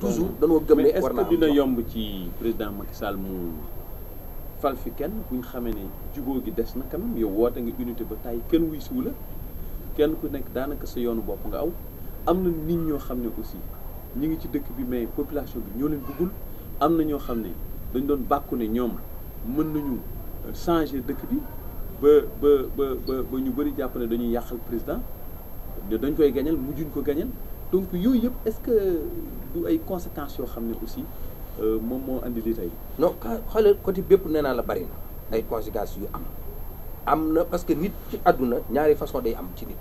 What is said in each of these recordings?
toujours dañoo gëm ne. est na que dina yomb ci président Macky Sall mu fal fi kenn bu ñu xamee ne jubóo gi des na quand même woo woote nga unité ba tey kenn wuy suu la kenn ku nekk daanaka sa yoonu bopp nga aw am na nit ñoo xam ne aussi ñu ngi ci dëkk bi mais population bi ñoo leen bëggul am na ñoo xam ne dañ doon bàkku ne ñoom mën nañu changer dëkk bi ba ba ba ba ñu bëri jàpp dañuy yàqal président dañ koy gañal mujjuñ ko gañal donc yooyu yëpp est-ce que du ay conséquences yoo xam ne aussi euh, moom moo andi li tey. non xoolal côté bépp nee naa la bari na ay conséquences yu am am na parce que nit ci àdduna ñaari façon day am ci nit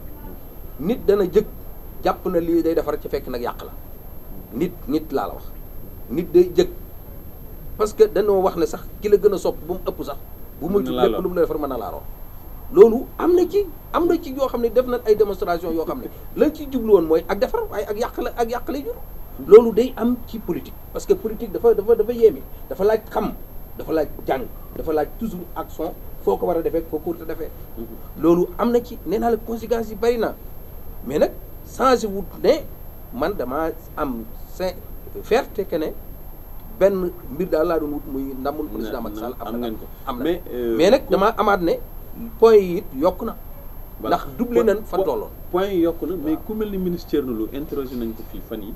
nit dana jëkk jàpp na lii day defar ci fekk nag yàq la nit nit laa la wax nit day jëkk parce que danoo wax ne sax ki la gën a sopp ba mu ëpp sax. bu moytu lépp lu mu la defar mën na laa loolu am na ci am na ci yoo xam ne def na ay démonstration yoo xam ne lañ ci jublu woon mooy ak defar waaye ak yàq la ak yàq jur loolu day am ci politique parce que politique dafa dafa dafa yéeme dafa laaj xam dafa laaj jàng dafa laaj toujours action foo ko war a defee foo ko war a defee loolu am na ci nee naa la conséquences yi bari na mais nag changé wut ne man damaa am sin fierté que ne benn mbir daal laa doon wut muy ndamul président Macky Sall am na ko mais euh, mais nag damaa amaat ne point yi it yokk na. ndax doublé nañ fan tolloon. point yi yokk na mais ku mel ni ministère de lu interrogé nañ ko fii fan yi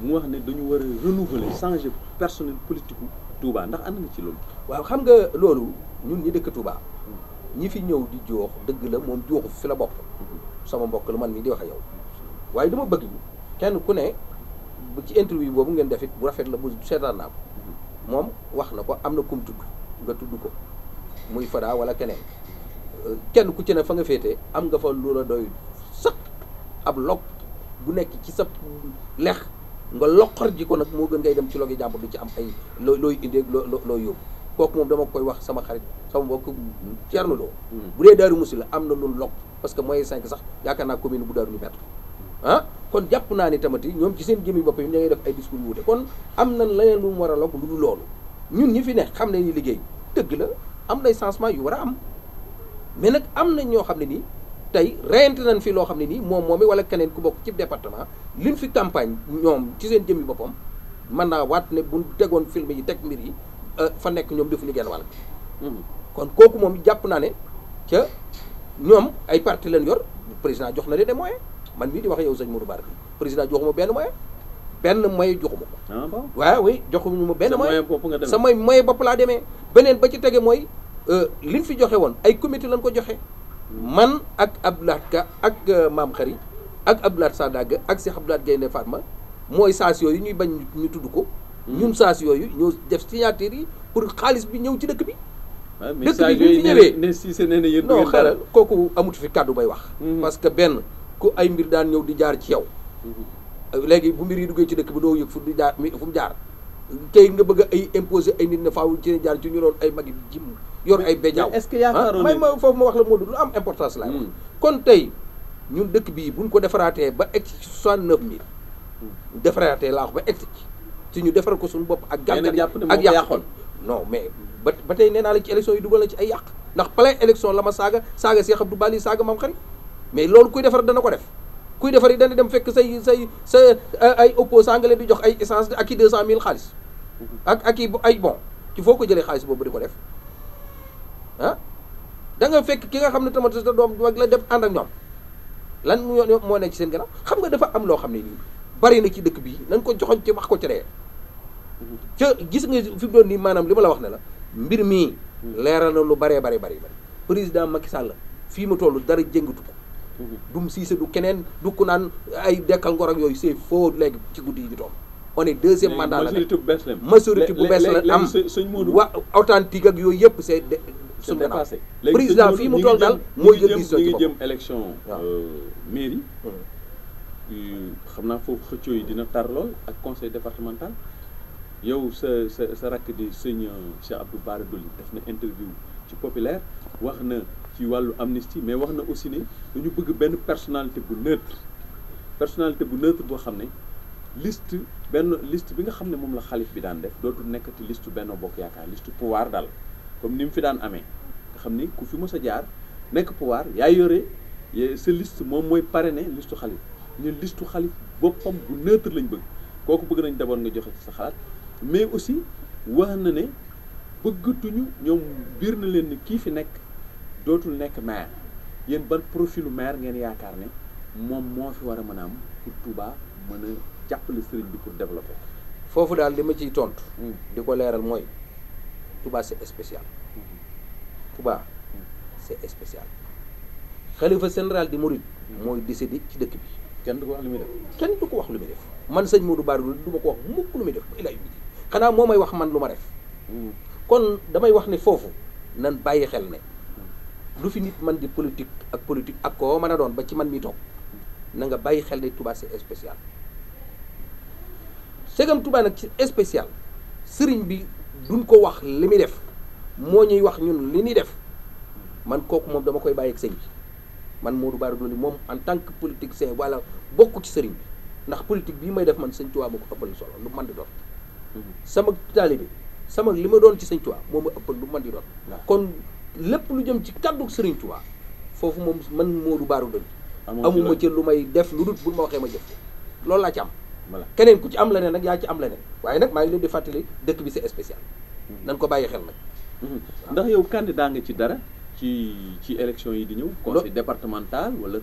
mu wax ne dañu war a renouveler changer personnel politique gu Touba ndax ànd nga ci loolu. waaw xam nga loolu ñun ñi dëkk Touba ñi fi ñëw di joox dëgg la moom jooxu fi la bopp sama mbokk la man mii di wax yow waaye dama bëgg kenn ku ne ci interview boobu ngeen def it bu rafet la bu seetaan naa ko mhm. moom wax na ko am na kum tudd nga ko muy Fada wala keneen. kenn ku ci ne fa nga féete am nga fa lu la doy sax ab log bu nekk ci sa lex nga loqar ji ko nag moo gën ngay dem ci logi jàmbur du ci am ay loo looy indee loo loo yóbbu kooku moom dama koy wax sama xarit sama mbokk na loo hmm. bu dee Daaru Musi la am na lu log parce que mooy cinq sax yaakaar naa commune bu Daaru ñu bett ah kon jàpp naa ni tamati ñoom ci seen gémmi bopp yi ña ngay def ay discours yu kon am na leen lu mu war a log lu dul loolu ñun ñi fi ne xam ne ni liggéey dëgg la am nay changement yu war a am mais nag am na ñoo xam ne nii tey reyante nañ fii loo xam ne nii moom moom wala keneen ku bokk ci département liñ fi campagne ñoom ci seen jëmmi boppam mën naa waat ne bu tegoon film yi teg mbir yi euh, fa nekk ñoom defuñu genn wàll. Hmm. kon kooku moom jàpp naa ne ca ñoom ay parti leen yor président jox na leen des moyens man mii di wax yow sëñ Modou Bara président joxuma benn moyen benn moyen joxuma ko. Ah waaw oui joxuñu ma benn moyen. sa moyen bopp nga demee sa moyen bopp laa demee beneen ba ci tege mooy. Euh, liñ fi joxe woon ay comité lañ ko joxe man ak Abdoulaye Ka ak euh, Maam Khary ak Abdoulaye Sadaga ak Cheikh Abdoulaye Gaynde Fatma mooy saas yooyu ñuy bañ ñu tudd ko ñun saas yooyu ñoo def signature yi pour xaalis bi ñëw ci dëkk bi ah, dëkk bi ñu fi ñëwee ne si se nee na yéen non xaaral kooku amut fi kàddu bay wax mhm. parce que benn ku ay mbir daan ñëw di jaar ci yow mhm. euh, léegi bu mbir yi duggee ci dëkk bi doo yëg fu di jaar fu mu jaar tey nga bëgg ay imposer ay nit ne faaw ci jaar ci ñu doon ay magi jim yor ay béjaaw est-ce que yaakaaroon ah, may ma foofu ma wax la Modou lu am importance laay wax hmm. kon tey ñun dëkk bii buñ ko defaraatee ba egg ci soixante neuf mille defaraatee laa wax ba ñu defar ko suñu bopp ak gàllankoor ak yàqoon non mais ba ba tey nee naa la ci élection yi dugal na ci ay yàq ndax pale élection la ma saaga saaga Cheikh du Bali saaga Mame Khary mais loolu kuy defar dana ko def kuy defar yi dana dem fekk say say sa ay opposant nga leen di jox ay essence ak i deux cent mille xaalis ak ak i ay bon ci foo ko jëlee xaalis boobu di ko def ah da fekk ki nga xam ne tamit sa doom mag la def ànd ak ñoom lan moo nekk ci seen gannaaw xam nga dafa am loo xam ne nii bari na ci dëkk bi nañ ko joxoñ ci wax ko ci ree ca gis nga fi mu doon nii maanaam li ma la wax ne la mbir mii leeral na lu baree bari bari président Macky Sall fii mu toll dara jëngatu ko dum siise du keneen du naan ay dekkal ngor ak yooyu c'est faux léegi ci guddi yi ñu toll on est deuxième mandat la majorité bu bees la am wa authentique ak yooyu yëpp c'est suñu gannaaw président fii mu toog daal mooy jël décision ci ngi jëm élection euh, mairie euh, xam naa foofu xëccoo yi dina tar ak conseil départemental yow sa sa sa rakk di sëñ euh, Cheikh Abdou Bara Dolly def na interview ci populaire wax na ci wàllu amnistie mais wax na aussi ne dañu bëgg benn personnalité bu neutre personnalité bu neutre boo xam ne liste benn list bi nga xam ne moom la xalif bi daan def dootul nekkati listu benn bokk yaakaar liste pouvoir daal comme ni mu fi daan amee nga xam ni ku fi mës a jaar nekk pouvoir yaa yore sa liste moom mooy pare ne listu xalif ñu listu xalif boppam bu neutre lañ bëgg kooku bëgg nañ d'abord nga joxe ci sa xalaat mais aussi wax na ne bëggatuñu ñoom biir na leen ni kii fi nekk dootul nekk maire yéen ban profilu maire ngeen yaakaar ne moom moo fi war a mën a am pour Touba mën a jàppale sëriñ bi pour développer. foofu daal li ma ciy tontu. Hmm. di ko leeral mooy. Touba c' est spécial mm-hmm. Touba c' est spécial xalifa di Mouride mm-hmm. mooy décédé ci dëkk bi kenn du ko wax lu muy def kenn du ko wax lu muy def man sëñ Modou Bara Dolly du ma ko wax mukk lu muy def ba ilaa bi xanaa moo may wax man lu ma def mm-hmm. kon damay wax ne foofu nan bàyyi xel ne lu fi nit man di politique ak politique ak koo man a doon ba ci man mi toog na nga bàyyi xel ne Touba c'est spécial segam Touba nag ci spécial sëriñ bi duñ ko wax li muy def moo ñuy wax ñun li ñuy def man kooku moom dama koy bàyyi ak sëñ bi man Modou Bara Dolly moom en tant que politicien wala bokk ci sëriñ bi ndax politique bii may def man sëñ Tuubaa ma ko ëppal solo lu man di doon sama taalibe sama li ma doon ci sëñ Tuubaa moo ma ëppal lu man di doon kon lépp lu jëm ci kàddu sëriñ Tuubaa foofu moom man Modou Bara Dolly amuma ci lu may def lu dul bu ma waxee ma jëf loolu laa ci am voilà keneen ku ci am leneen nag yaa ci am leneen waaye nag maa ngi leen di fàttali dëkk bi c'est spécial. Hmm. nañ ko bàyyi xel nag. Hmm. ndax yow candidat nga ci dara ci ci élection yi di ñëw. conseil départemental wala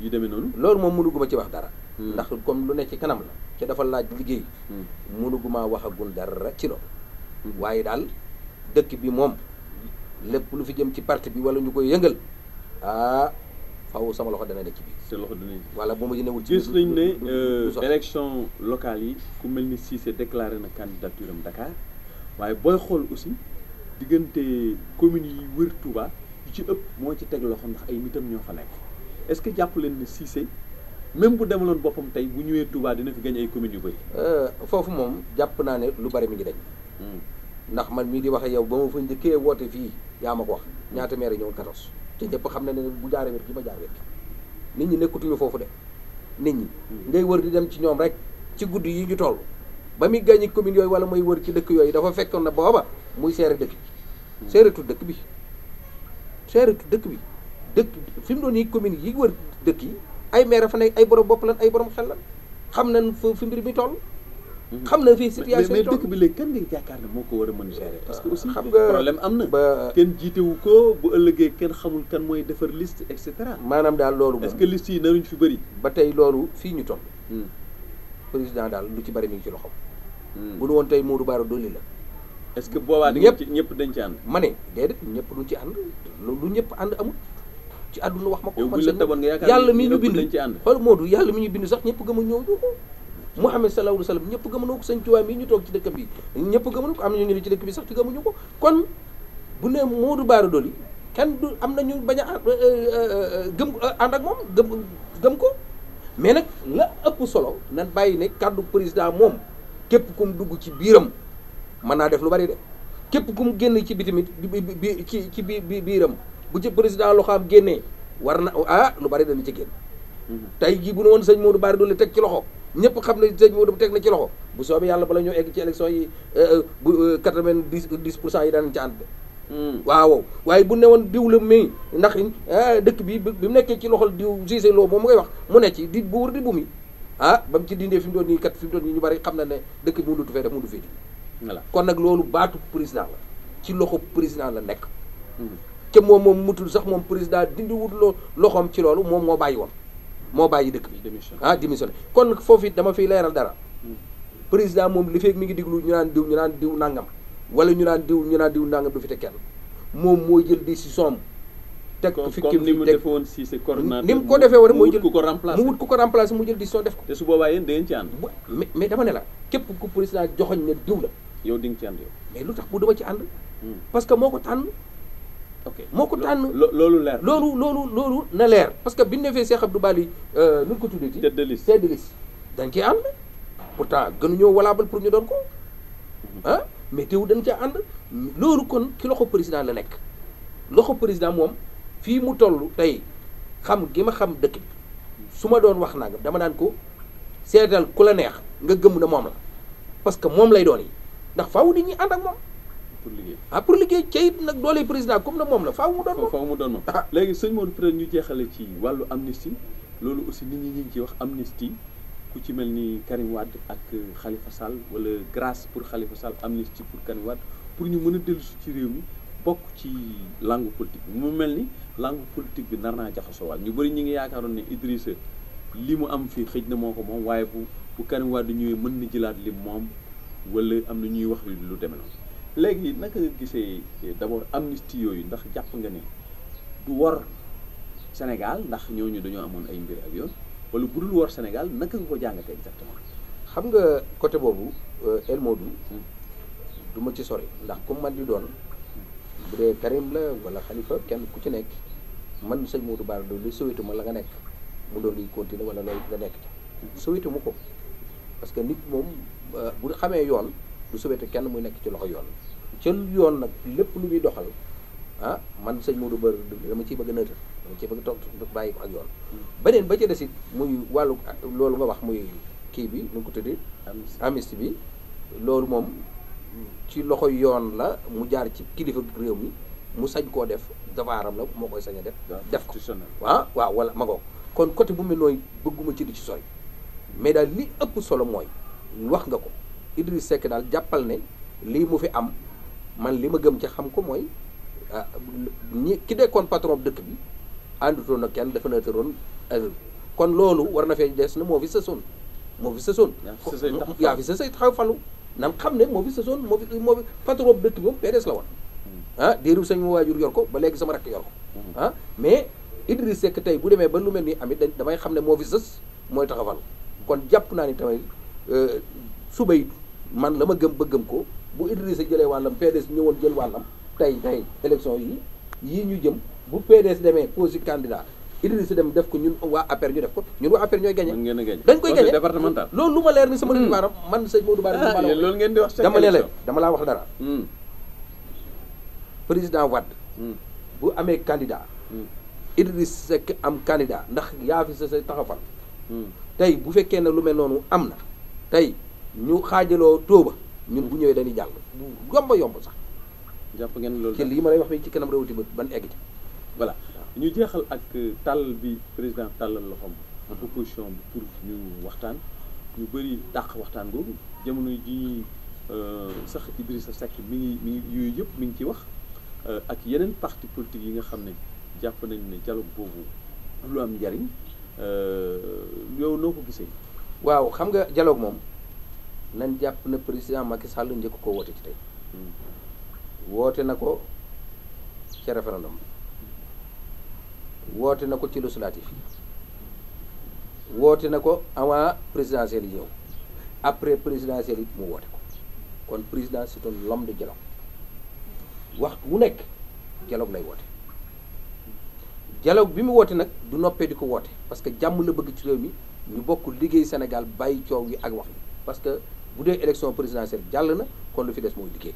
yu demee noonu. loolu moom mënuguma ci wax dara. Hmm. ndax comme lu ne ci kanam la ci dafa laaj liggéey. wax a waxagul dara ci loolu. waaye daal dëkk bi moom lépp lu fi jëm ci parti bi wala ñu koy yëngal ah, faaw sama loxo dana nekk ci biir. te loxo dana nekk voilà bu ma yënewul ci gis nañ ne euh, élection locale yi ku mel ni Cissé déclaré na candidature am Dakar waaye booy xool aussi diggante communes yi wër Touba yu ci ëpp moo ci teg loxo ndax ay nitam ñoo fa est-ce que jàpp leen ne Cissé même bu demaloon boppam tey bu ñëwee Touba dina fi gañ ay communes yu bëri. Euh, foofu moom jàpp naa ne lu bari mi ngi dañ. Hmm. ndax man mii di wax yow ba ma fa njëkkee woote fii yaa ma ko wax ñaata maire ñëw 14. te ñëpp xam na ne bu jaaree wet gi ma jaar wet nit ñi nekkutuñu foofu de nit ñi hmm. ngay wër di dem ci ñoom rek ci guddi yi ñu toll ba muy gàññi commune yooyu wala mooy wër ci dëkk yooyu dafa fekkoon na booba muy seere dëkk bi hmm. seeretu dëkk bi seeretu dëkk bi dëkk fi mu doon nii commune yi wër dëkk yi ay maire fa nekk ay borom bopp lan ay borom xel lan xam nañ fa fi mbir mi toll Mhm. xam na fii situation mais dëkk bi léegi kan nga yaakaar ne moo ko war a mën gérer parce que aussi xam nga ba kenn jiitewu ko bu ëllëgee kenn xamul kan mooy defar liste et cetera maanaam daal loolu est-ce que liste yi naruñ bëri ba tey loolu fii ñu toll hmm. président daal lu ci bari mi ngi ci loxo hmm. bu nu woon tey Modou Bara Dolly la est-ce que boobaa ñëpp ñëpp dañ ci ànd ma ne déedéet ñëpp duñ ci ànd lu ñëpp ànd amul ci àdduna wax ma ko yàlla mi ñu bind xool Modou yàlla mi ñu bind sax ñëpp gëm a ñëw Muhammad sallallahu alayhi wa sallam ñëpp gëmuñu ko sëñ Tuubaa mii ñu toog ci dëkk bi ñëpp gëmuñu ko am na ñu ne ci dëkk bi sax ci gëmuñu ko kon bu ne Modou Bara Dolly kenn du am na ñu bañ a euh, euh, euh, ànd ak moom gëm gëm ko mais nag la ëpp solo nan bàyyi ne kàddu président moom képp kum dugg ci biiram mën naa def lu bari de képp kum génn ci bitimit bi ci ci bi biiram bu ci président loxo am génnee war na ah lu bari dana ci génn mm-hmm. tey jii bu ne woon sëñ Modou Bara Dolly teg ci loxo ñëpp xam ne sëñ Modou teg na ci loxo bu soobee yàlla bala ñoo egg ci élection yi euh, euh, bu euh, quatre-vingt-dix yi daan ci ànd hmm. waaw waaye bu ne woon diw la mais ndax ah, dëkk bi bi mu nekkee ci loxo diw Cissé Lo moom mu koy wax mu ne ci di buur di bu mi ah ba mu ci dindee fi mu doon nii kat fi mu doon nii ñu bari xam na ne dëkk bi mu dutu fee def mu du di voilà kon nag loolu baatu président la ci loxo président la nekk hmm. ca moom moom mutul sax moom président dindi loo loxoom ci loolu moom moo bàyyi woon moo bàyyi dëkk bi ah démissionné kon foofu it dama fiy leeral dara hmm. président moom li feeg mi ngi diglu ñu naan diw ñu naan diw nangam wala ñu naan diw ñu naan diw nangam du fi teg kenn moom mooy jël décision am teg ko fi ni mu defee woon si ko defee woon mooy jël ku ko remplacer mu wut ku ko remplacer mu jël décision def ko te su dama ne képp ku président joxoñ ne diw la yow di ci ànd yow mais lu tax bu dama ci ànd hmm. parce que moo ko tànn moo ko tànn loolu leer loolu loolu loolu na leer parce que bi ñu defee Cheikh Abdou Bali euh, nu ñu ko tuddee tête de liste tête de liste dañ cee ànd pourtant gënuñoo valable pour ñu doon ko ah mais teewu dañ cee ànd loolu kon ki loxo président la nekk loxo président moom fii mu toll tey xam gi ma xam dëkk su ma doon wax naa dama daan ko seetal ku la neex nga gëm na moom la parce que moom lay doon yi ndax faaw nit ñi ànd ak moom pour liggéey ah pour liggéey cayit nag doole président comme na moom la faaw mu doon moom faaw mu doon moom ah. léegi sëñ Modou peut ñu jeexale ci wàllu amnistie loolu aussi nit ñi ñu ngi ciy wax amnistie ku ci mel ni Karim Wade ak Khalifa Sall wala grâce pour Khalifa Sall amnistie pour Karim Wade pour ñu mën a dellusi ci réew mi bokk ci langue politique bi mu mel ni langue politique bi nar naa jaxasoo waat ñu bëri ñu ngi yaakaaroon ne Idrissa li mu am fii xëj na moo ko moom waaye bu bu Karim Wade ñëwee mën na jëlaat li moom wala am na ñuy wax lu demee léegi naka nga gisee eh, d'abord amnistie yooyu ndax jàpp nga ne du war Sénégal ndax ñooñu dañoo amoon ay mbir ak yoon wala bu dul war Sénégal naka nga ko jàngatee exactement. xam nga côté boobu euh, El Modou hmm. du ci sori ndax comme man di doon bu dee Karim la wala Khalifa kenn ku ci nekk man sëñ Modou Bara Dolly sowetu ma la nga nekk mu doon luy continuer wala loolu nga nekk hmm. sowetu mu ko parce que nit moom euh, bu xamee yoon. du souhaité kenn muy nekk ci loxo yoon ca yoon nag lépp lu muy doxal ah man sëñ Modou Bër dama ciy bëgg a nëtër dama ciy bëgg toog bàyyi ko ak yoon beneen ba ca des it muy wàllu loolu nga wax muy kii bi nu ko tuddee amnistie bi loolu moom ci loxo yoon la mu jaar ci kilifa réew mi mu sañ koo def davaaram la moo koy sañ a def def ko ah waaw wala magoo kon côté bu mel bëgguma ci di ci sori mais daal li ëpp solo mooy wax nga ko Idriss Seck daal jàppal ne lii mu fi am man li ma gëm ci xam ko mooy ah, ñi ki dekkoon patron dëkk bi àndutoon na kenn dafa nëtëroon kon loolu war na fee des na moo fi sësoon moo fi sësoon yaa fi sësay taxaw falu nan xam ne moo fi sësoon moo fi moo fi patron dëkk bi moom PDS la woon hmm. ah déeru sama waajur yor ko ba léegi sama rakk yor ko hmm. ah, mais Idriss Seck tey bu demee ba lu mel ni amit dañ damay xam ne moo fi sës mooy taxawal kon jàpp naa ni tamit euh, suba man la ma gëm ba gëm ko bu Idrissa jëlee wàllam PDS ñëwoon jël wàllam tey tey élection yi yii ñu jëm bu PDS demee posi candidat Idrissa dem def ko ñun waa APR ñu def ko ñun waa APR ñooy gagné dañ koy gagné départemental loolu lu ma leer ni sama nit hmm. baaram man sëñ Modou Bara ah, loolu ngeen di wax dama lee dama laa wax dara hmm. président Wade hmm. bu amee candidat Idriss Seck am candidat ndax yaa fi sa sa taxafal tey bu fekkee ne lu mel noonu am na tey ñu xaajaloo tóoba ñun bu ñëwee dañuy jàll bu yomb yomb sax. jàpp ngeen loolu daal lii ma lay wax fii ci kanam rawati bët ban egg ci. voilà ñu jeexal ak euh, tàll bi président tàllal loxoom. Mhm. opposition bi pour ñu waxtaan. ñu bëri dàq waxtaan googu jamono ji euh, sax Idrissa Seck mi ngi mi ngi yooyu yëpp mi ngi ci wax euh, ak yeneen parti politique yi nga xam ne jàpp nañ ne dialogue boobu lu am njariñ yow noo ko gisee. waaw xam nga dialogue moom. nan jàpp na président Macky Sall njëkk ko woote ci tey woote na ko ci référendum woote na ko ci législatif yi woote na ko avant présidentiel yi yow après présidentiel yi mu woote ko kon président c'est un homme de dialogue wax wu nekk dialogue lay woote dialogue bi mu woote nag du noppee di ko woote parce que jàmm la bëgg ci réew mi ñu bokk liggéey Sénégal bàyyi coow yi ak wax bi parce que bu dee élection présidentielle jàll na kon lu fi des mooy liggéey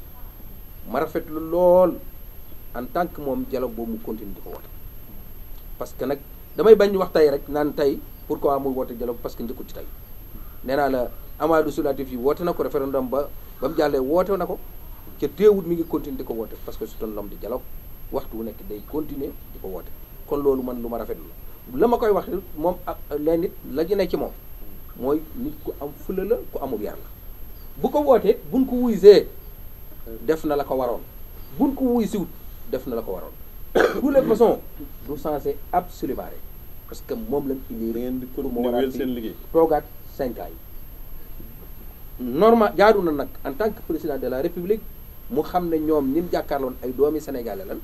ma rafetlu lool en tant que moom dialogue boobu mu continuer di ko woote parce que nag damay bañ wax tey rek naan tey pourquoi muy woote dialogue parce que njëkkul ci tey nee naa la amadou sulatif yi woote na ko référendum ba ba mu jàllee woote na ko ca téewut mi ngi continuer di ko woote parce que c'est un homme de dialogue waxtu wu nekk day continuer di ko woote kon loolu man lu ma rafetlu la ma koy wax moom ak leen nit la ñu ci moom mooy nit ku am fula la ku amul yar bu ko wootee buñ ko wuysee def na la ko waroon buñ ko wuy wut def na la ko waroon de toutes les façons du censé absolument rek parce que moom lañ indi rien di ko moo waral seen liggéey toogaat cinq ans yi jaaru na nag en tant que président de la république mu xam ne ñoom ni mu jàkkaarloon ay doomi sénégalais lan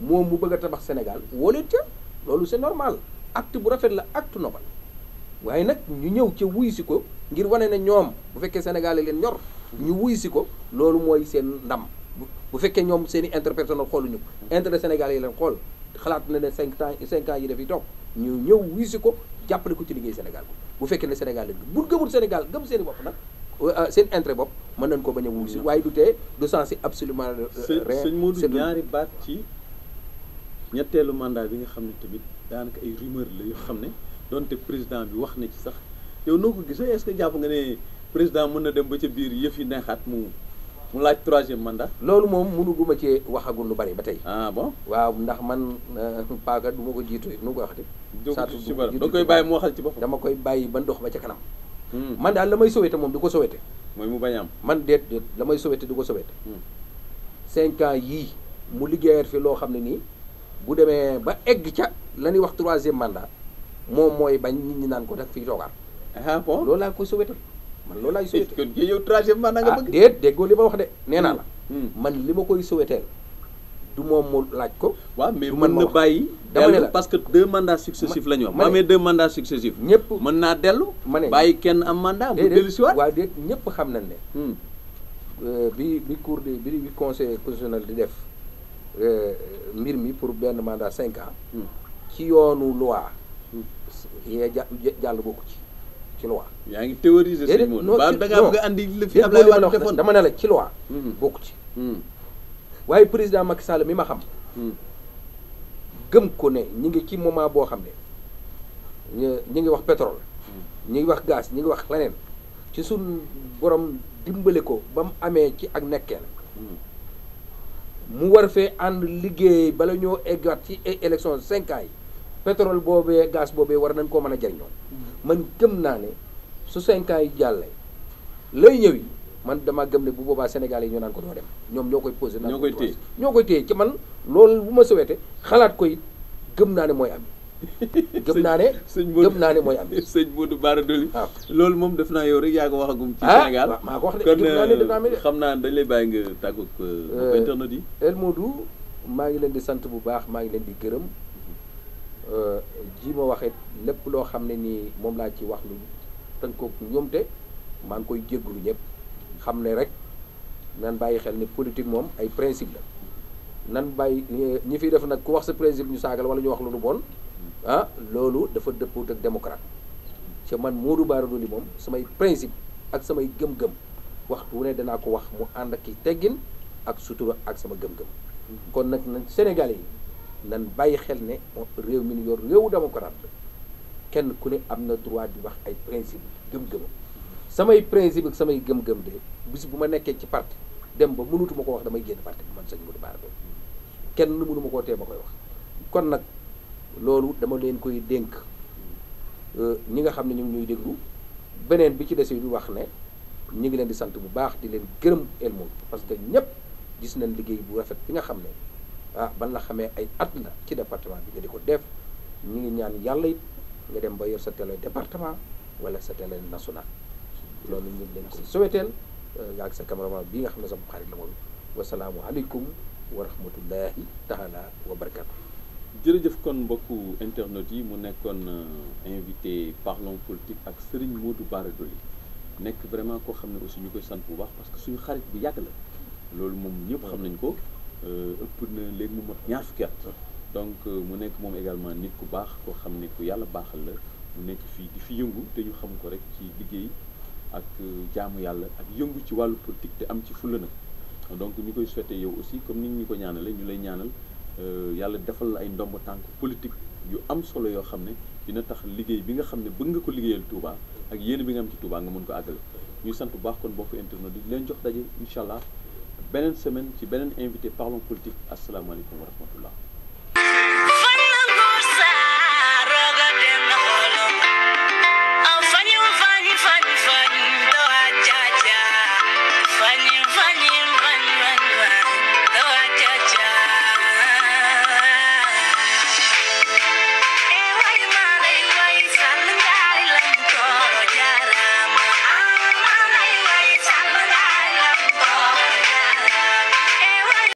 moom mu bëgg a tabax sénégal wóoleen ca loolu c'est normal acte bu rafet la acte noble waaye nag ñu ñëw ca wuy si ko ngir wane ne ñoom bu fekkee Sénégal leen ñor ñu wuy si ko loolu mooy seen ndam bu fekkee ñoom seen i intérêt personnel xooluñu ko intérêt Sénégal yi leen xool xalaat na ne cinq ans cinq ans yi dafay toog ñu ñëw wuy ko jàppale ko ci liggéey Sénégal bu fekkee ne Sénégal leen bu gëmul Sénégal gëm seeni i bopp nag euh, seen intérêt bopp mën nañ ko bañ a wuy si mm. waaye du tee du sensé absolument euh, rien sëñ Modou ñaari baat ci ñetteelu mandat bi nga xam ne tamit daanaka ay rumeur la yoo xam ne donte président bi wax na ci sax yow noo ko gisee est-ce que jàpp nga ne président mën na dem ba ca biir yëf yi neexaat mu mu laaj troisième mandat. loolu moom mënu guma cee waxagul lu bari ba tey. ah bon waaw ndax man euh, paaka du ma ko jiitu nu mu ko waxati. saatu du ma da koy bàyyi mu waxal ci boppam. dama koy bàyyi ba ndox ba ca kanam. Hmm. man daal la may sowete moom du ko sowete. mooy mu bañaam man déet déet damay may sowete du ko sowete. Hmm. cinq ans yii mu liggéeyal fii loo xam ne nii bu demee ba egg ca la ñuy wax troisième mandat moom mooy bañ nit ñi naan ko def fii toogaat. Ah, ah bon loolu laa koy sowétal man loolu laay sowétal kon yow troisième man nga déggoo li ma wax de nee naa la hmm. Hmm. man li ma koy sowétal du moom mu laaj ko waaw mais mën na bàyyi dama la parce que deux mandats successifs la ñu wax ma amee deux mandats successifs ñëpp mën naa dellu ma ne bàyyi kenn am mandat bu dellu si waat waaw déet ñëpp xam nañ ne hmm. euh, bi bi cour de bi bi conseil constitutionnel di def euh, mbir mi pour benn mandat cinq ans ci yoonu loi yee jàll bokku ci ci loi. yaa ngi théoriser sëñ Modou ba da ngaa bëgg a andi li fi Abdoulaye Wade defoon dama ne la ci loi. Hmm. bokku ci. Hmm. waaye président mac Sall mi ma xam. Hmm. gëm ko ne ñu ngi ci moment boo xam ne ñu ngi wax pétrole. ñi ngi wax gaz ñu ngi wax leneen ci suñ borom dimbale ko ba mu amee ci ak nekkee mu war fee ànd liggéey bala ñoo eggaat ci élection cinq ans yi pétrole boobee gaz boobee war nañ koo mën a jëriñoo. man gëm naa ne su cinq ans yi jàlle lay ñëw yi man dama gëm ne bu boobaa Sénégal yi ñoo naan ko doo dem ñoom ñoo koy posé. ñoo koy téye ñoo koy téye ci man loolu bu ma sowete xalaat ko gëm naa ne mooy am. gëm naa ne sëñ Modou gëm naa ne mooy am. sëñ Modou Bara Dolly waaw ah. loolu moom def naa yow rek yaa ko waxagum. ci ah, Sénégal maa ko wax de gëm naa ne def naa euh, xam naa dañ lay bàyyi nga tàggu euh, ak euh, internet yi. El Modou maa ngi leen di sant bu baax maa ngi leen di gërëm. Euh, ji ma waxit lépp loo xam ne nii moom laa ci wax lu tënkoog ñoomte maa ngi koy jéggulu ñëpp xam ne rek nan bàyyi xel ni politique moom ay principe la nan bàyyi ñi fiy def nag ku wax sa principe ñu saagal wala ñu wax lu lu bon ah loolu dafa dëppoot ak démocrate ca man Modou Bara Dolly moom samay principe ak samay gëm-gëm waxtu wu ne danaa ko wax mu ànd ak ki teggin ak sutura ak sama gëm-gëm kon nag nag Sénégalais yi nan bàyyi xel ne réew mi ñu yor réewu démocrate kenn ku ne am na droit di wax ay principe gëm-gëmam samay principe ak samay gëm-gëm de bis bu ma nekkee ci parti dem ba mënutuma ko wax damay génn parti bi man sëñ Modou Bara Dolly kenn mënuma koo tee ma koy wax kon nag loolu dama leen koy dénk euh, ñi nga xam ne ñu ñuy déglu beneen bi ci dese di wax ne ñu ngi leen di sant bu baax di leen gërëm El parce que ñëpp gis nañ liggéey bu rafet bi nga xam ne ah ban la xamee ay at la ci département bi nga di ko def ñu ngi ñaan yàlla it nga dem ba yor sa télé département wala sa télé national loolu ñu ngi leen ko souhaiteel euh, nga ak sa cameraman bi nga xam ne sama xarit la moom wasalaamu aleykum wa rahmatullahi taala wa barakatu jërëjëf kon mbokku internet yi mu nekkoon euh, invité parlons politique ak Serigne Modou Bara Dolly nekk vraiment koo xam ne aussi ñu koy sant bu baax parce que suñu xarit bu yàgg la loolu moom ñëpp xam nañ ko Euh, ëpp na léegi mu mot ñaar fukki at donc euh, mu nekk moom également nit ku baax koo xam ne ku yàlla baaxal la mu nekk fii di fi yëngu te ñu xam ko rek ci liggéey ak euh, jaamu yàlla ak yëngu ci wàllu politique te am ci fulla nag donc ñu koy souhaité yow aussi comme ni ñu ko ñaanale ñu lay ñaanal yàlla defal la ay ndomb tànk politique ñu am solo yoo xam ne dina tax liggéey bi nga xam ne bëgg nga ko liggéeyal Touba ak yéen bi nga am ci Touba nga mën ko àggale ñu sant bu kon bokk internet di leen jox daje incha allah beneen semaine ci beneen invité parlons politique asalaamaaleykum wa rahmatullah